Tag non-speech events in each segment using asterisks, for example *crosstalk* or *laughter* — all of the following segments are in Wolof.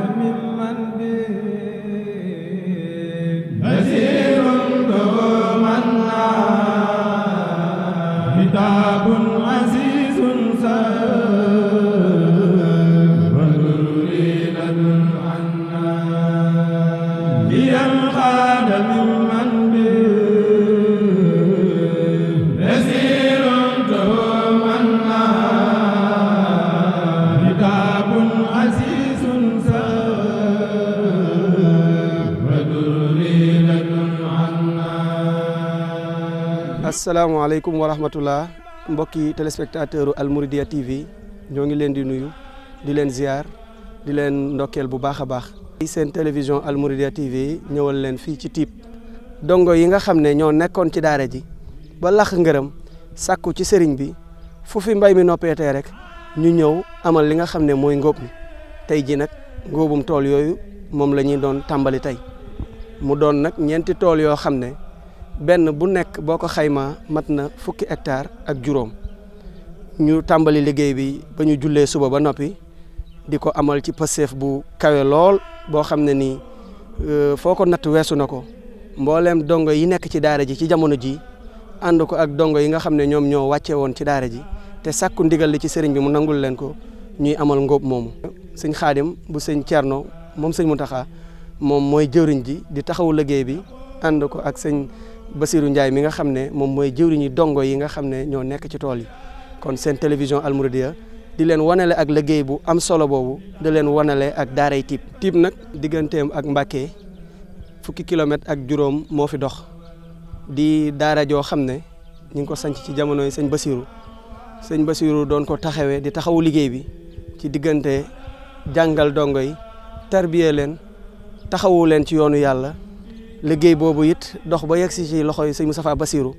من asalaamaaleykum wa rahmatullah mbokki téléspectateur Almouridiyyah TV ñoo ngi leen di nuyu di leen ziar di leen ndokkeel bu baax a baax. seen télévision Almouridiyyah TV ñëwal leen fii ci Typ dongo yi nga xam ne ñoo nekkoon ci daara ji ba lax ngërëm sàkku ci sëriñ bi fu fi mbay mi noppeetee rek ñu ñëw amal li nga xam ne mooy ngóob mi tey ji nag ngóobum tool yooyu moom la ñuy doon tàmbali tey mu doon nag ñeenti tool yoo xam ne. benn bu nekk boo ko xaymaa mat na fukki hectare ak juróom ñu tàmbali liggéey bi ba ñu jullee suba ba noppi di ko amal ci pasteef bu kawe lool boo xam ne nii euh, foo ko natt weesu na ko mbooleem dongo yi nekk ci daara ji ci jamono ji ànd ko ak dongo yi nga xam ne ñoom ñoo wàcce woon ci daara ji te sàkku ndigal li ci sëriñ bi mu nangul leen ko ñuy amal ngóob moomu sëñ xaadim bu sëñ Cerno moom sëñ Muntaxa moom mooy jëwriñ ji di taxawu liggéey bi ànd ko ak sëñ Basirou Ndiaye mi nga xam ne moom mooy jëwriñu dongo yi nga xam ne ñoo nekk ci tool yi kon seen télévision Almouridiya di leen wanale ak liggéey bu am solo boobu di leen wanale ak daaray tiib tiib nag digganteem ak Mbàkke fukki kilomètre ak juróom moo fi dox di daara joo xam ne ñu ngi ko sanc ci jamono yi sëñ Basirou sëñ Basirou doon ko taxawee di taxawu liggéey bi ci diggante jàngal dongo yi tarbiye leen taxawu leen ci yoonu yàlla liggéey boobu it dox ba yegg ci loxo yi sëñ safa Bassirou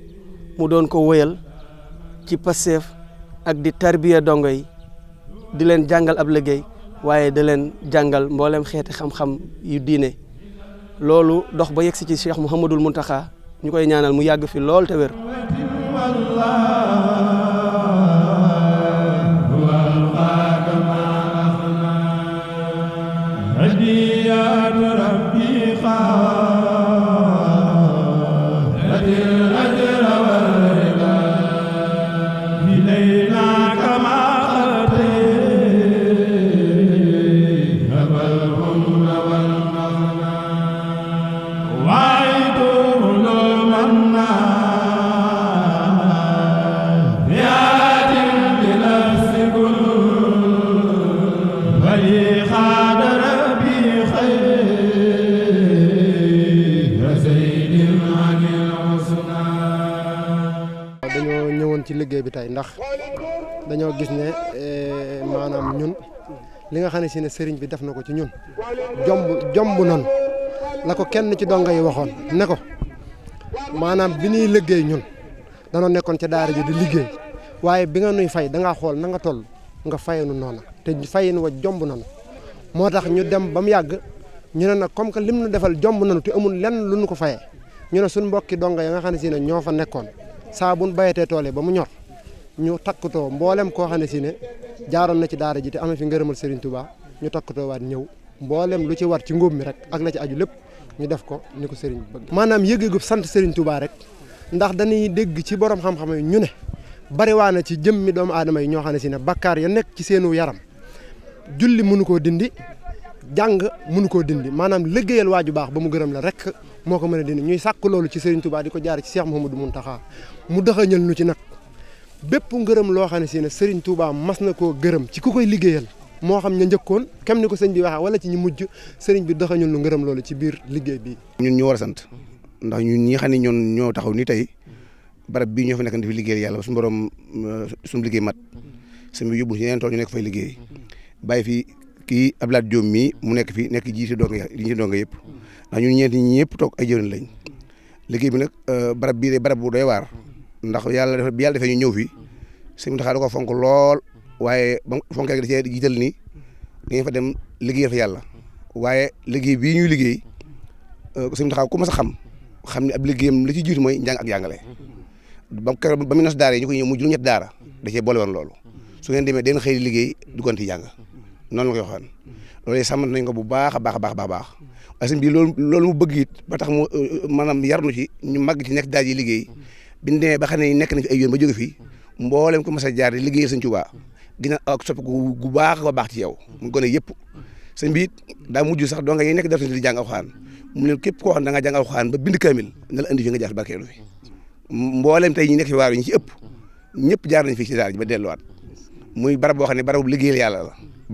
mu doon ko woyal ci passeef ak di tarbiya dongo yi di leen jàngal ab liggéey waaye di leen jàngal mbooleem xeeti xam-xam yu diine loolu dox ba yegg si mu Cheikh Mouhamadul Mountakha ñu koy ñaanal mu yàgg fi lool te wér lay li nga xam ne si ne sëriñ bi def na ko ci ñun jomb jomb noonu la ko kenn ci donga yi waxoon ne ko maanaam bi ñuy liggéey ñun danoo nekkoon ca daara ji di liggéey waaye bi nga nuy fay da ngaa xool na nga toll nga fayanu noona te fayin wa jomb nanu moo tax ñu dem ba mu yàgg ñu ne nag comme que lim nu defal jomb nanu te amul lenn lu nu ko fayee ñu ne suñ mbokki donga yi nga xam ne si ne ñoo fa nekkoon saa buñ bayatee tool yi ba mu ñor ñu takkatoo mboolem koo xam ne si ne jaaroon na ci daara ji te am na fi ngërëmal Serigne Touba ñu takkatoo waat ñëw mboolem lu ci war ci ngóob mi rek ak la ci aju lépp ñu def ko ni ko Serigne bëgg. maanaam yëgeegub sant Serigne Touba rek ndax dañuy dégg ci borom xam yi ñu ne bariwaa na ci jëmmi doomu aadama yi ñoo xam ne si ne bakkaar ya nekk ci seenu yaram julli mënu koo dindi jàng mënu koo dindi maanaam liggéeyal waa baax ba mu gërëm la rek moo ko mën a dindi ñuy sàkk loolu ci Serigne tubaa di ko jaar ci seex Cheikh mun taxaa mu dëxëñal nu ci nag bépp ngërëm loo xam ne si ne Serigne Touba mas na koo gërëm ci ku koy liggéeyal moo xam ña njëkkoon kam ni ko sëñ bi waxee wala ci ñu mujj sëriñ bi dox lu ngërëm loolu ci biir liggéey bi. ñun ñu war a sant ndax ñun ñi xam ne ñoon ñoo taxaw ni tey barab bii ñoo fi nekk di liggéeyal yàlla ba suñu borom uh, suñu liggéey mat sëñ bi yóbbu si yeneen ñu nekk fay liggéey bàyyi fi kii Abdoulaye Diop mii mu nekk fi nekk ji si dong li si dong yëpp ndax ñun ñëpp toog ay jëriñ lañ liggéey bi nag uh, barab bii de barab bu doy waar ndax yàlla dafa yàlla defee ñu ñëw fi sëñ Muntaxa da ko fonk lool waaye ba mu fonkee da cee jiital ni dañuy fa dem liggéeyal fa yàlla waaye liggéey bi ñuy liggéey euh, sëñ Muntaxa ku mas a xam xam ne ab liggéeyam li ci jiitu mooy njàng ak jàngale ba ba mu nos ñu ko ñëw mu juróom-ñett daara da cee boole woon loolu su ngeen demee den xëy liggéey du gonti jàng noonu la koy waxoon ko bu baax a baax a baax a baax waaye sëñ bi loolu loolu mu bëgg it ba tax mu maanaam yarnu ci ñu màgg ci nekk daal yi liggéey biñ ba xam ne nekk na fi ay yoon ba jóge fii mboolem ko mas jaar di liggéeyal sëñ Tuubaa dina ak sopp gu baax a baax ci yow mu gone yëpp sëñ bi it daa mujj sax doo nga yi nekk def di jàng alxuraan mu ne képp koo xam da nga jàng alxuraan ba bind kaamil na la indi fi nga jaar barkeelu fi mboolem tey ñi nekk fi waar yi ñu ci ëpp ñëpp jaar nañ fii ci daara ba delluwaat muy barab boo xam ne barabu liggéeyal yàlla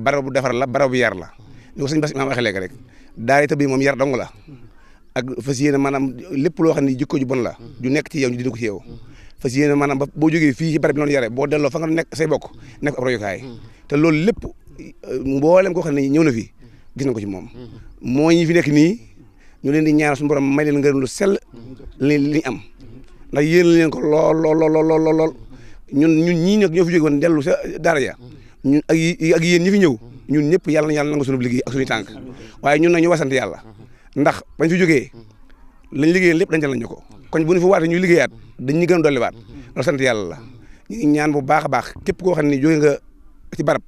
la bu defar la bu yar la ni ko sëñ Bass Imaam a léegi rek daara itam bi moom yar dong la ak fas yéene maanaam lépp loo xam ne jikko ju bon la ju nekk ci yow ñu dina ko yow fas yéene maanaam ba boo jógee fii ci bi noonu yare boo delloo fa nga nekk say bokk nekk ab royukaay te loolu lépp euh, mboolem koo xam ne ñëw na fi gis na ko ci moom moo ñi fi nekk nii ñu leen di ñaanal suñu borom may leen ngërëm lu sell li li am ndax yéen leen ko lool lool lool lool lool ñun ñun ñii nag ñoo fi jóge woon dellu sa daara ja ñun ak ak yéen ñi fi ñëw ñun ñëpp yàlla na yàlla nangu suñu liggéey ak suñu tànk waaye ñun nag ñu wasante yàlla ndax bañ fi jógee lañ liggéey lépp dañ ca ñu ko kon bu ñu fa waatee ñuy liggéeyaat dañ ñu gën a dolliwaat loolu sant yàlla la ñu ñaan bu baax a baax képp koo xam ne jóge nga ci barab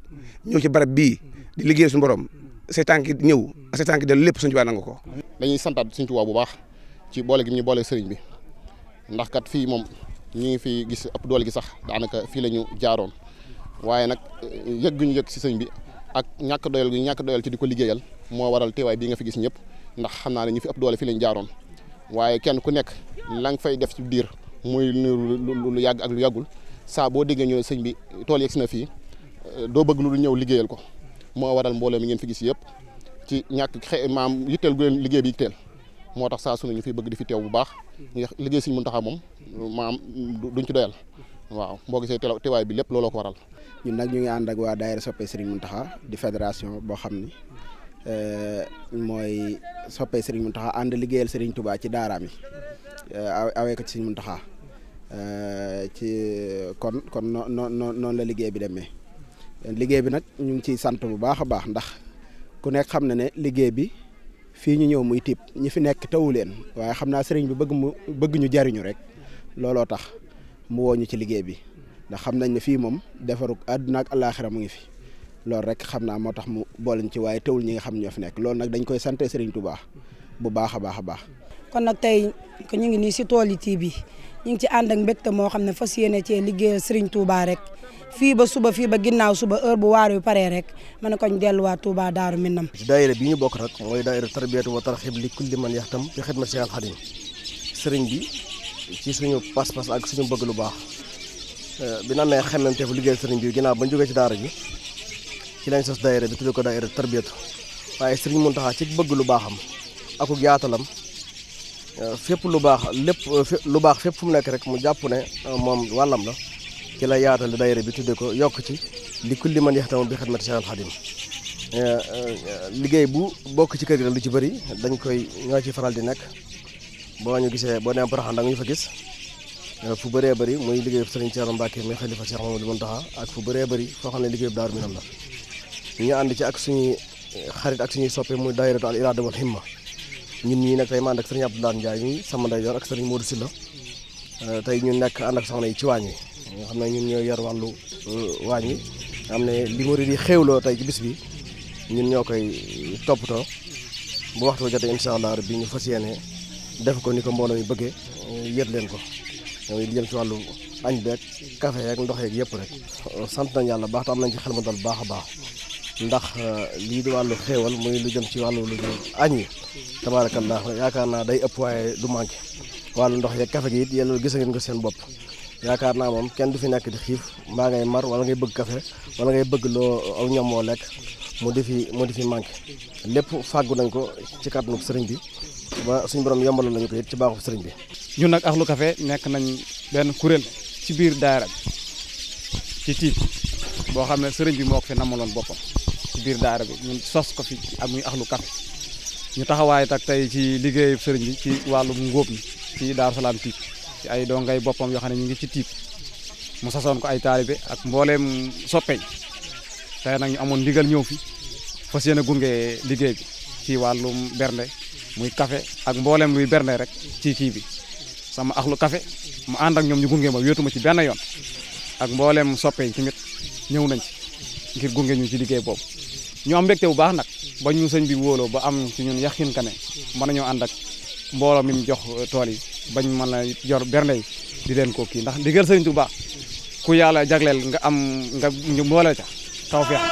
ñëw ci barab bii di liggéey suñu borom say tànk ñëw ak say tànk dellu lépp suñu Tuubaa nangu ko. dañuy santaat suñu Tuubaa bu baax ci boole gi ñu boole sëriñ bi ndax kat fii moom ñu ngi fi gis ëpp doole gi sax daanaka fii la ñu jaaroon waaye nag eh, yëg gu ñu yëg si sëñ bi ak ñàkk doyal gu ñu ñàkk doyal ci di ko liggéeyal moo waral teewaay bii nga fi gis ñëpp ndax xam naa ne ñu fi ëpp doole fii la ñu jaaroon waaye kenn ku nekk la nga fay def ci diir muy lu yàgg ak lu yàggul saa boo déggee ñëw sëñ bi tool yegg si na fii euh, doo bëgg lu ñëw liggéeyal ko moo waral mbooloo mi ngeen fi gis yëpp ci ñàkk xe maam yitteel gu leen liggéey bi yitteel moo tax saa su ñu fiy bëgg di fi teew bu baax ndax liggéey sëñ Muntaxa moom maam duñ ci doyal waaw boo gisee teewaay bi lépp looloo ko waral. ñu nag ñu ngi ànd ak waa daayira soppe Sëriñ Muntaxa di fédération boo xam ni Eh, mooy soppee Serigne Mountakha ànd liggéeyal Serigne Touba ci daaraam yi eh, awee ko ci Serigne Mountakha eh, ci kon kon noo noo noonu la liggéey bi demee liggéey bi nag ñu ngi ciy sant bu baax a baax ndax ku nekk xam na ne liggéey bi fii ñu ñëw muy tiib ñi fi nekk tawu leen waaye xam naa sëriñ bi bëgg mu bëgg ñu jariñu rek looloo tax mu woo ci liggéey bi ndax xam nañ ne fii moom defarug àdduna ak àllaaxira mu ngi fi. loolu rek xam naa moo tax mu booleñ ci waaye teewul ñi nga xam ñoo fi nekk loolu nag dañ koy sante Serigne Touba bu baax a baax a baax. kon nag tey ko ñu ngi nii si tool yi tii bi ñu ngi ci ànd ak mbégte moo xam ne fas yéene cee liggéeyal Serigne Touba rek fii ba suba fii ba ginnaaw suba heure bu waar yu paree rek mën ko ñu delluwaat Touba Daaru Minam. daayira bi ñu bokk nag mooy daayira tarbiyatu wa tarxib li kulli man yaxtam fi xidmat Seex al Xadim sëriñ bi ci suñu pas-pas ak suñu bëgg lu baax eh, bi na amee xemmeemteefu liggéeyal sëriñ bi ginnaaw ba ñu jógee ci daara ji ci lañ sos daayira bi tuddee ko daayira tarbiyatu waaye Serigne Mountakha ci bëgg lu baaxam akuk yaatalam euh, fépp lu baax lépp euh, lu baax fépp fu mu nekk rek mu jàpp ne euh, moom wàllam la ci la yaatal daayira bi tuddee ko yokk ci li kulli man yaxtamu bi xidmati Cheikh al liggéey bu bokk ci kër lu ci bëri dañ koy ñoo ci faral di nekk boo ñu gisee boo nee Porokhane da nga ñu fa gis fu bëree bëri muy liggéey Serigne Thierno Mbacke muy xalifa Cheikh Mamadou taxa ak fu bëree bëri foo xam ne liggéey Daaru Minam la ñu ngi ànd ci ak suñuy xarit ak ñuy soppe muy daayiratu al irada wal ma ñun ñii nag tey ma ànd ak sëriñ Abdoulaye Ndiaye mi sama ndeyjoor ak sëriñ Modou Sylla euh, tey ñu nekk ànd ak soxna yi ci waañ wi nga xam ne ñun ñoo yor wàllu euh, waañ am nga xam ne li yi xéewloo tey ci bis bi ñun ñoo koy toppatoo bu waxtu jotee incha allah bi ñu fas yéene def ko ni ko mbooloo mi bëggee euh, yët leen ko mooy li jëm ci wàllu añ beeg café yeeg ndox yeeg yëpp rek sant nañ yàlla baax te am nañ ci xel mu dal baax a baax ndax euh, lii di wàllu xéewal muy lu jëm ci wàllu lu añ yi tabaarakallah yaakaar naa day ëpp waaye du manqué wàllu ndox yeeg kafe gi it yéen loolu gis ngeen ko seen bopp yaakaar naa moom kenn du fi nekk di xiif mbaa ngay mar wala ngay bëgg kafe wala ngay bëgg loo aw ñam moo lekk mu di fi mu di lépp fàggu nañ ko ci kàttanu sëriñ bi ba suñu borom yombaloon nañu ko it ci baaxu sëriñ bi. ñu nag lu kafe nekk nañ benn kuréel ci biir daara bi ci tiib boo xam ne sëriñ bi moo ko fi ci biir daara bi mu sos ko fi ak muy axlu kafe ñu taxawaay tak tey ci liggéey sëriñ bi ci wàllum ngóob mi ci Daaru tiib ci ay dongay boppam yoo xam ne ñu ngi ci tiib mu sasoon ko ay taalibe ak mbooleem soppeñ tey nag ñu amoon ndigal ñëw fi fas yéene gunge liggéey bi ci wàllum bernde muy kafe ak mbooleem luy bernde rek ci kii bi sama axlu kafe mu ànd ak ñoom ñu gunge ma wéetu ci benn yoon ak mbooleem soppe yi ñëw nañ ci ngir gunge ñu ci liggéey boobu ñu am mbégte bu baax nag ba ñu sëñ bi wóoloo ba am ci ñun yaxin ka ne mën nañoo ànd ak mbooloo mi mu jox tool yi bañ mën a jor bernde di leen ko kii ndax ndigal sëñ baax ku yàlla jagleel nga am nga mbooloo ca tawfeex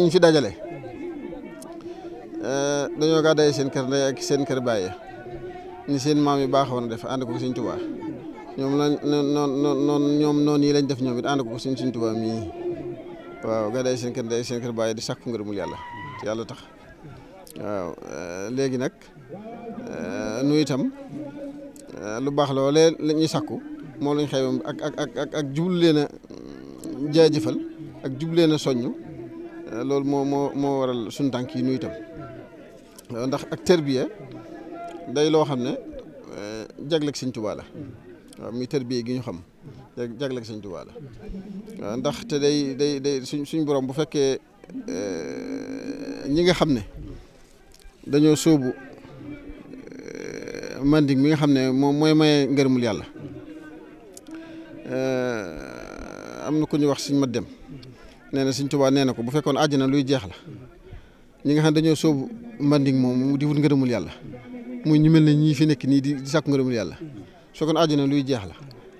ñi ñu fi dajale eh, dañoo day seen kër ndey ak seen kër bàyye ni seen maam yi baaxoon def ànd ko Sëñ Tuubaa ñoom la noon noon ñoom noonu yi lañ def ñoom it ànd ko Sëñ Sëñ Tuubaa mii waaw gàddaay seen kër ndey ak seen kër baay di sàkku ngërëmul yàlla yàlla tax eh, léegi nag eh, nu itam lu baax loolee la ñuy sàkku moom lañ xew ak ak ak ak jublu leen a jaajëfal ak jublu leen soññ Euh, loolu moo moo moo waral suñ tànk yi nuy itam euh, ndax ak terbiya day loo xam ne euh, jagleeg sëñ Tuubaa la waaw muy terbiya gi ñu xam jagleeg sëñ Tuubaa la waaw ndax te day day day suñ suñ borom bu fekkee ñi nga xam ne dañoo sóobu mandik mi nga xam ne moom mooy maye ngërmul yàlla am na ku ñu wax suñ ma dem nee na Sëñ Tuubaa nee na ko bu fekkoon àjjana luy jeex la ñi nga xam dañoo sóobu mbanding moom di wut ngërëmul yàlla mu ñu mel ne ñii fi nekk nii di sàkk ngërëmul yàlla su fekkoon luy jeex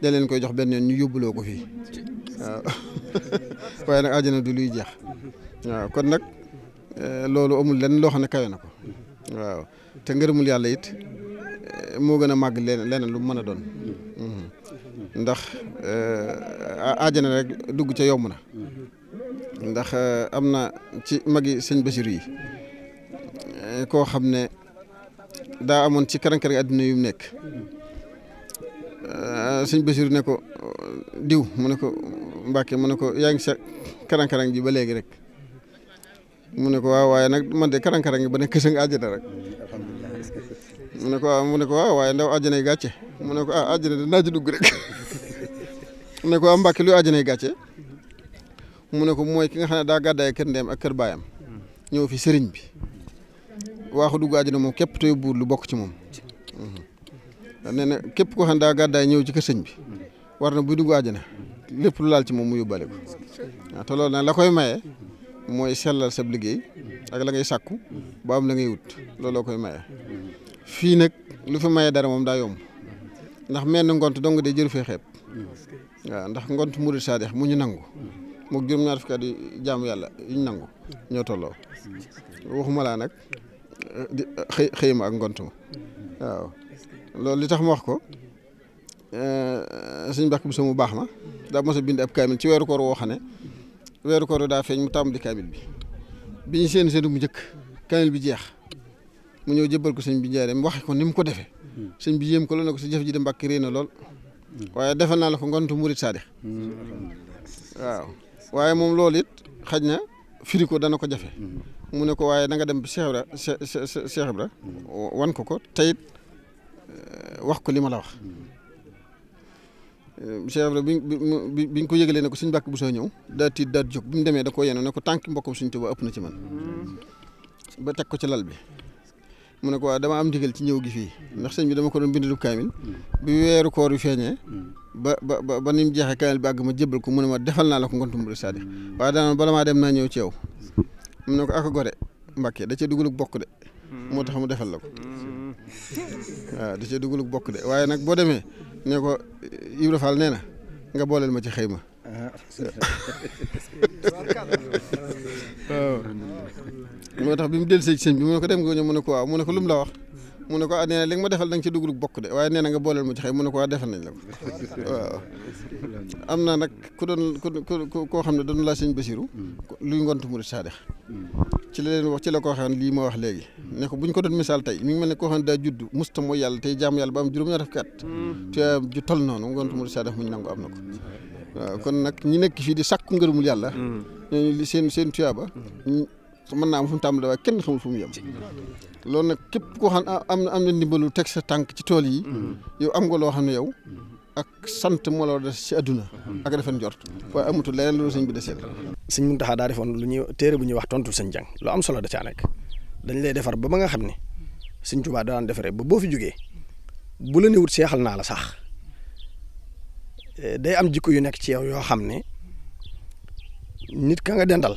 la da koy jox benn yoon ñu yóbbuloo ko fii *laughs* waaye nag àjjana du luy jeex kon nag eh, loolu amul lenn loo ne kawe na ko waaw te ngërëmul yàlla it eh, moo gën a màgg leen leneen lu mën a doon mm-hmm. ndax eh, àjjana rek dugg ca yomb na ndax euh, am na ci magi sëñ Basiru yi euh, koo xam ne daa amoon ci karankar gi àdduna yu mu nekk euh, sëñ Basiru ne ko diw mu ne ko Mbàkke mu ne ko yaa ngi sa karankarang ji ba léegi rek mu ne ko waaw waaye nag man de karankarang gi ba nekk sa nga àjjana rek ne ko mu ne ko waaye ndaw àjjana yi gàcce mu ne ko ah àjjana dinaa ci dugg rek *laughs* mu ne ko waaw Mbàkke luy àjjana yi gàcce mu ne ko mooy ki nga xam ne daa gàddaay kër ndeem ak kër baayam ñëw fi sëriñ bi waaxu dugg àjjana moom képp tey buur lu bokk ci moom mm-hmm. nee na képp koo xam ne daa gàddaay ñëw ci kër sëñ bi war na buy dugg àjjana lépp lu laal ci moom mu yóbbaale ko te loolu nag la koy maye mooy sellal sab liggéey ak la ngay sàkku ba am la ngay wut looloo koy maye fii nag lu fi maye dara moom daa yomb ndax menn ngont dong de jëru fee xeeb waaw ndax ngont murid saadix mu ñu nangu mook juróom-ñaar fukki at yi yàlla yiñ nangu ñoo tolloo waxuma laa nag di xëy xëyma ak ngontuma waaw loolu li tax mu wax ko eh, suñ mbàkk bi mu baax ma daa mos a bind ab kaamil ci weeru koor woo xam ne weeru koor daa feeñ mu tàmm di kaamil bi bi ñu seen seen mu njëkk kaamil bi jeex mu ñëw jëbbal ko sëñ bi mu waxe ko ni mu ko defee sëñ bi yéem ko lool si jëf ji de mbàkk réy na lool waaye defal naa la ko ngontu murit saadix waaw waaye moom loolu it xaj na firi ko dana ko jafe mm-hmm. mu ne ko waaye da nga dem Cheikh Ibra Cheikh Ibra mm-hmm. wan ko ko teyit eh, wax ko li ma la wax mm-hmm. eh, Cheikh bi bi bi bi ñu ko yëgalee ne ko suñ bàkk bu soo ñëw daa tiit daa jóg bi mu demee da ko yenn ne ko tànk mbokkum suñ tuba ëpp na ci man ba teg ko ci lal bi mu ne ko waaw dama am ndigal ci ñëw gi fii ndax sëñ bi dama ko doon bindalub kaamil mm. bi weeru koor yu feeñee mm. ba ba ba ni mu jeexee kaamil bi àgg ma jébbal ko mu ne ma defal naa la ko ngontum bu saadi mm. waaye daanoon bala dem naa ñëw ci yow mu ne ko ak gore Mbàkke da cee dugalug bokk de moo tax mu defal la ko waaw dugalug bokk de waaye nag boo demee ne ko Ibra nee na nga booleel ma ci xëy ma waaw moo tax bi mu dellu si sëñ bi mu ne ko dem nga mu ne waaw mu ne ko lu mu la wax mu ne ko ah nee na ma defal da nga ci dugalug bokk de waaye nee na nga booleel ma ci ko waa la am na nag ku doon ku koo xam ne doon laa sëñ Basiru luy ngont murid saadix ci la leen wax ci la ko waxee lii ma wax léegi ne ko bu ñu ko doon misaal tey mi ngi mel ne koo xam ne daa tey jaamu yàlla ba am juróom-ñaar fukki at mm. te noonu ngont murid saadix muñ nangu am na ko kon nag ñu nekk fii di sàkku ngërëmul yàlla. Mm. ñooñu li seen seen tuyaaba. Mm. mën naa am fu mu tàmbalee kenn xamul fu mu yem. loolu nag képp koo xam am na am na ndimbalu teg sa tànk ci tool yi. Mm. yow am nga loo xam ne yow. ak sant moo la des ci àdduna jort waaye amatul leneen sëñ bi desee la sëñ Muntaxa daa defoon lu ñuy téere bu ñuy wax tontul sëñ jàng lu am solo da nekk dañ lay defar ba ba nga xam ne sëñ Tuubaa daan defaree ba boo fi jógee bu la ne wut seexal naa la sax Eh, day am jikko yu nekk ci yow yoo xam ne nit ka nga dendal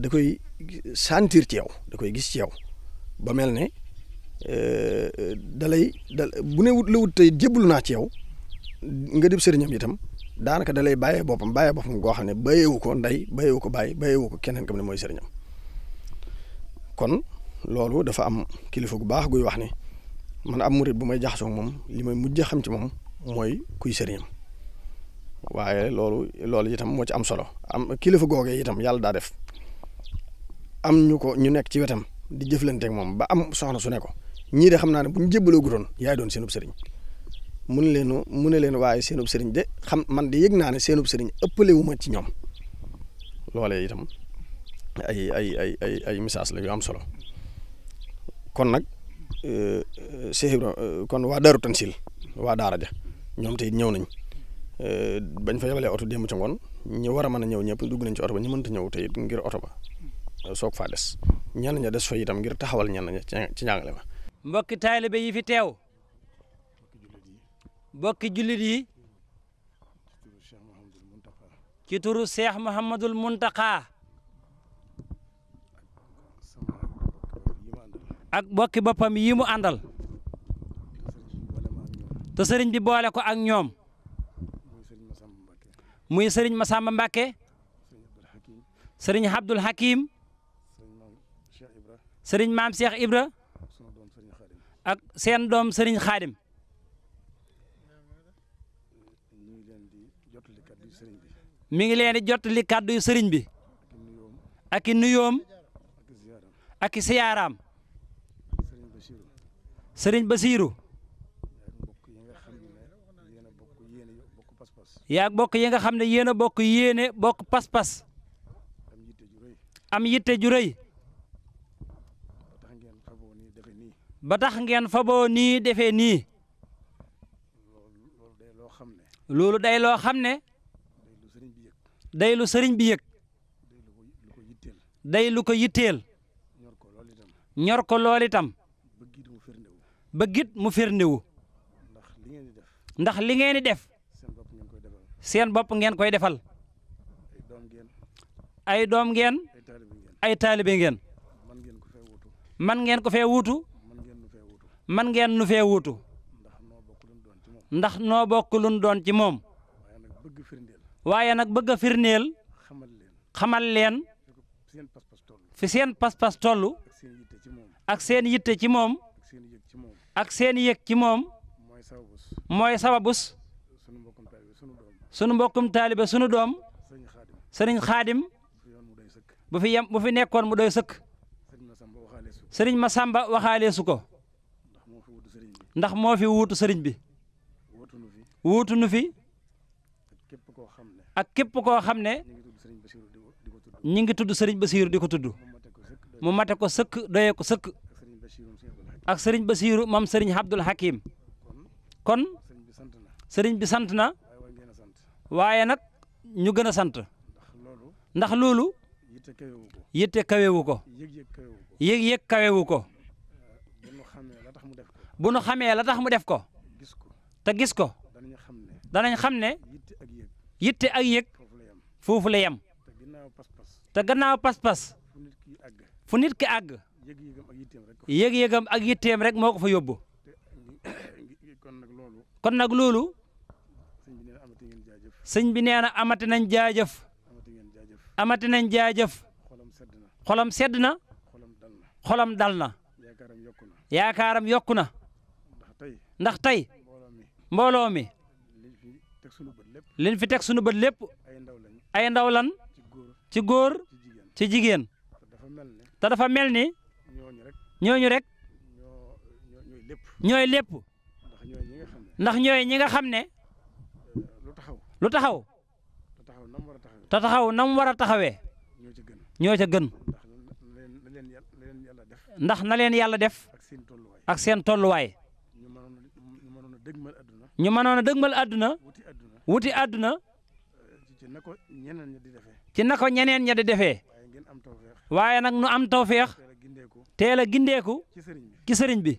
da koy sentir ci yow da koy gis ci yow ba mel ne eh, dalay da bu ne wut la wut tey jébbalu naa ci yow nga dem sëriñam itam daanaka dalay bàyyee boppam bàyyee boppam goo xam ne bàyyeewu ko ndey bàyyeewu ko bàyyi bàyyeewu ko keneen kam ne mooy sëriñam kon loolu dafa am kilifa gu baax guy wax ne man am murit bu may jaxasoo moom li may mujj xam ci moom mooy kuy sëriñam waaye loolu loolu itam moo ci am solo am kilifa googee itam yàlla daa def am ñu ko ñu nekk ci wetam di jëflanteeg moom ba am soxna su ne ko ñii de xam naa ne bu ñu jébbaloo yaay doon seenub sëriñ mun leenu mu ne leen waaye seenub sëriñ de xam man di yëg naane ne seenub sëriñ ëppale ma ci ñoom loole itam ay ay ay ay ay message la yu am solo kon nag euh, euh, Cheikh euh, kon waa Daaru Tansil waa Daara ja ñoom tey ñëw nañ. Euh, bañ fa yebalee oto démb ci ngoon ñi war a mën a ñëw ñëpp dugg nañ ci oto ba ñu mënta ñëw te it ngir oto ba euh, soog faa des ñenn ña des fa itam ngir taxawal ñenn ña ci njàngale ma mbokki taalibe yi fi teew mbokki jullit yi ci turu Seex Muhammadul Muntaqa ak bokki boppam yi mu àndal te bi boole ko ak ñoom muy sëriñ Massamba mbake sëriñ Abdul Hakim sëriñ maam Cheikh Ibra ak seen doom sëriñ Xaadim mi ngi leen di jottali kàddu yu sëriñ bi ak i nuyoom ak i siyaaraam sëriñ Basiiru yaag bokk yi nga xam ne yéen a bokk yéene bokk pas-pas am yitte ju rëy ba tax ngeen faboo nii defee nii loolu day loo xam ne day lu sëriñ bi yëg day lu ko yitteel ñor ko lool itam bëggit mu firndewu ndax li ngeen di def seen bopp ngeen koy defal ay doom ngeen ay taalibe ngeen man ngeen ko fee wuutu man ngeen nu fee wuutu ndax noo bokk luñ doon ci moom waaye nag bëgg a firndeel xamal leen fi seen pas-pas toll ak seen yitte ci moom ak seen yëg ci moom mooy sababus sunu mbokkum taalibe sunu doom sëriñ xaadim bu fi yem bu fi nekkoon mu doy sëkk sëriñ ma Masamba waxaaleesu ko ndax moo fi wuutu sëriñ bi wuutu nu fi ak képp koo xam ne ñi ngi tudd sëriñ Basiiru di ko tudd mu mate ko sëkk doyee ko sëkk ak sëriñ Basiiru moom sëriñ Abdul Hakim kon sëriñ bi sant na waaye nag ñu gën a sant ndax loolu yitte kawewu ko yëg-yëg kawewu ko bu nu xamee la tax mu def ko te gis ko danañ xam ne yitte ak yëg foofu la yem te gannaaw pas-pas fu nit ki àgg yëg-yëgam ak yitteem rek moo ko fa yóbbu *coughs* kon nag loolu sëñ bi nee na amati nañ jaajëf amati nañ jaajëf xolam sedd na xolam dal na yaakaaram yokku na ndax tey mbooloo mi liñ fi teg sunu bët lépp ay ndaw lan ci góor ci jigéen te dafa mel ni ñooñu rek ñooy lépp ndax ñooy ñi nga xam ne taxaw lu taxaw te taxaw nam war a taxawee ñoo ca gën ndax na leen yàlla def ak seen tolluwaay ñu mënoon a dëgmal àdduna wuti àdduna ci na ko ñeneen ña di defee waaye nag nu am tawféex teel a gindeeku ci sëriñ bi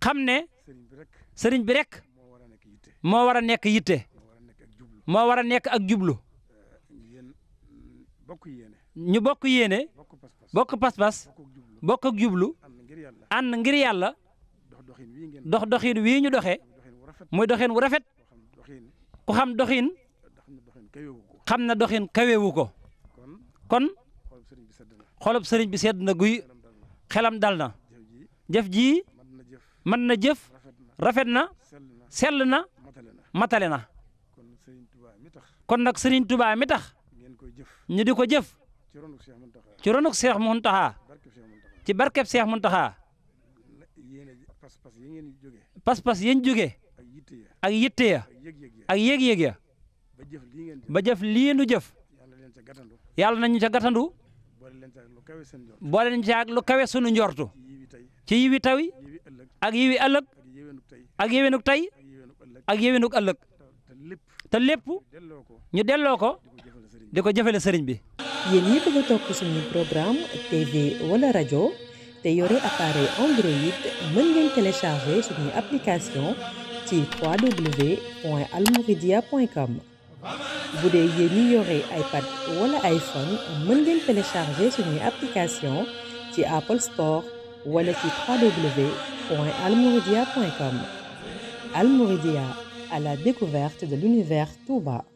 xam ne sëriñ bi rek moo war a nekk yitte moo war a nekk ak jublu ñu bokk yéene bokk pas-pas bokk ak jublu ànd ngir yàlla dox doxin wii ñu doxee muy doxin wu rafet ku xam doxin xam na doxin kaweewu ko kon xolub sëriñ bi sedd na guy xelam dal na jëf ji mën na jëf rafet na sel na matale na kon nag Serigne Touba mi tax ñu di ko jëf ci ronuk Cheikh Mountakha ci barkeb Cheikh Mountakha pas-pas yéen jóge ak yitte ya ak yëg-yëg ya ba jëf lii nu jëf yàlla nañu ca gàttandu boole nañu ca ak lu kawe sunu njortu ci yiwi tawi ak yiwi ëllëg ak yéwenuk tey ak yéwénug ëllëg te lépp ñu delloo ko di ko jëfale sëriñ bi. yéen ñi bëgg a topp suñu programme TV wala rajo te yore appareil Android mën ngeen télécharger suñu application ci www.almouridia.com bu dee yéen ñi yore iPad wala iPhone mën ngeen télécharger suñu application ci Apple Store wala ci www.almouridia.com. Al Mouridia à la découverte de l'univers Touba.